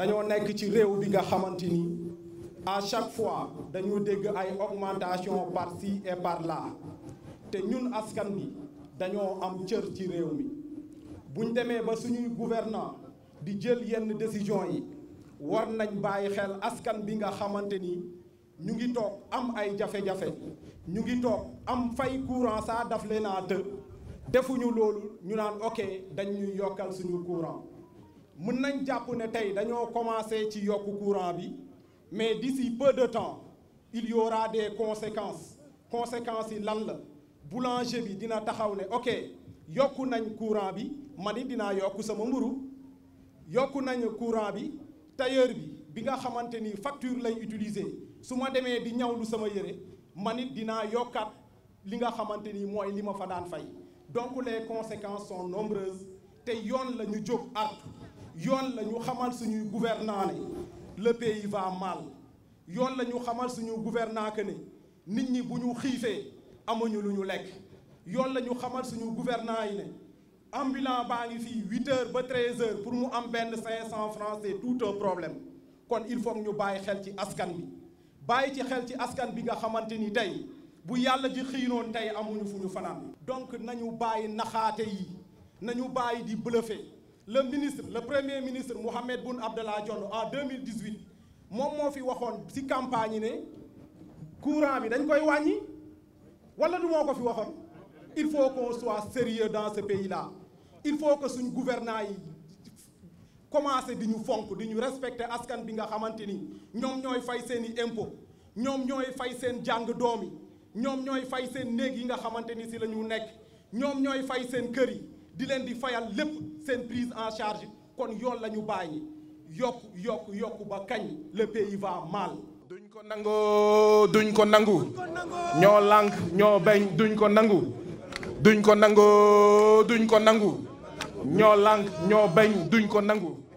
dañoo nekk ci réew bi nga à chaque fois dañu dégg ay augmentation par ci et par là te ñun askan bi dañoo am cër ci réew mi buñ demee ba suñuy gouvernant di jël yenn décision yi war nañ bàyyi xel askan bi nga xamante ni ñu ngi toog am ay jafe-jafe ñu ngi am fay courant saa daf leen a të defuñu loolu ñu ok dañ ñuy suñu courant mën nañ jàpp ne tey dañoo commencé ci yokk courant bi mais d'ici peu de temps il y aura des conséquences conséquences yi lan la boulanger bi dina taxaw ne ok yokku nañ courant bi man it dinaa yokk sama mburu yokku nañ courant bi tailleur bi bi nga xamante ni facture lay utiliser su ma demee di ñawlu sama yére man it dinaa li nga xamante ni mooy fa daan fay donc les conséquences sont nombreuses te yoon la ñu jóg yoon la ñu xamal suñuy gouvernant ne le pays va mal yoon la ñu xamal suñu gouvernant que ne nit ñi bu ñu xiifee amuñu lu ñu lekk yoon la ñu xamal suñu gouvernant yi ne ambulant baa ngi fi huit heures ba treize heures pour mu am benn cinq cent francs c'est problème kon il faut ñu bàyyi xel ci askan bi bàyyi ci xel ci askan bi nga xamante ni tey bu yàlla ji xiinoon tey amuñu fu ñu fanaan donc nañu bàyyi naxaate yi nañu bàyyi di bluffer le ministre le premier ministre Mohamed Boun Abdallah Diallo, en 2018 moom moo fi waxoon ci campagne yi ne courant il dañ koy wàññi wala du moo fi waxoon il faut qu'on soit sérieux dans ce pays là il faut que suñ gouvernail, yi à nous fonk di nous respecter askan bi nga xamante ni ñoom ñooy fay seen impôts, impôt ñoom ñooy fay seen jàng doom yi ñoom qui fay seen néeg yi nga xamante si la nekk ñoom ñooy fay seen kër di leen di fayal lépp seen prise en charge kon yoon la ñu bàyyi yokk yokk yokk ba kañ le pays mal. duñ ko nangoo duñ ko nangu ñoo lànk ñoo bañ duñ ko nangu duñ ko nangoo duñ ko nangu ñoo lànk ñoo bañ duñ ko nangu.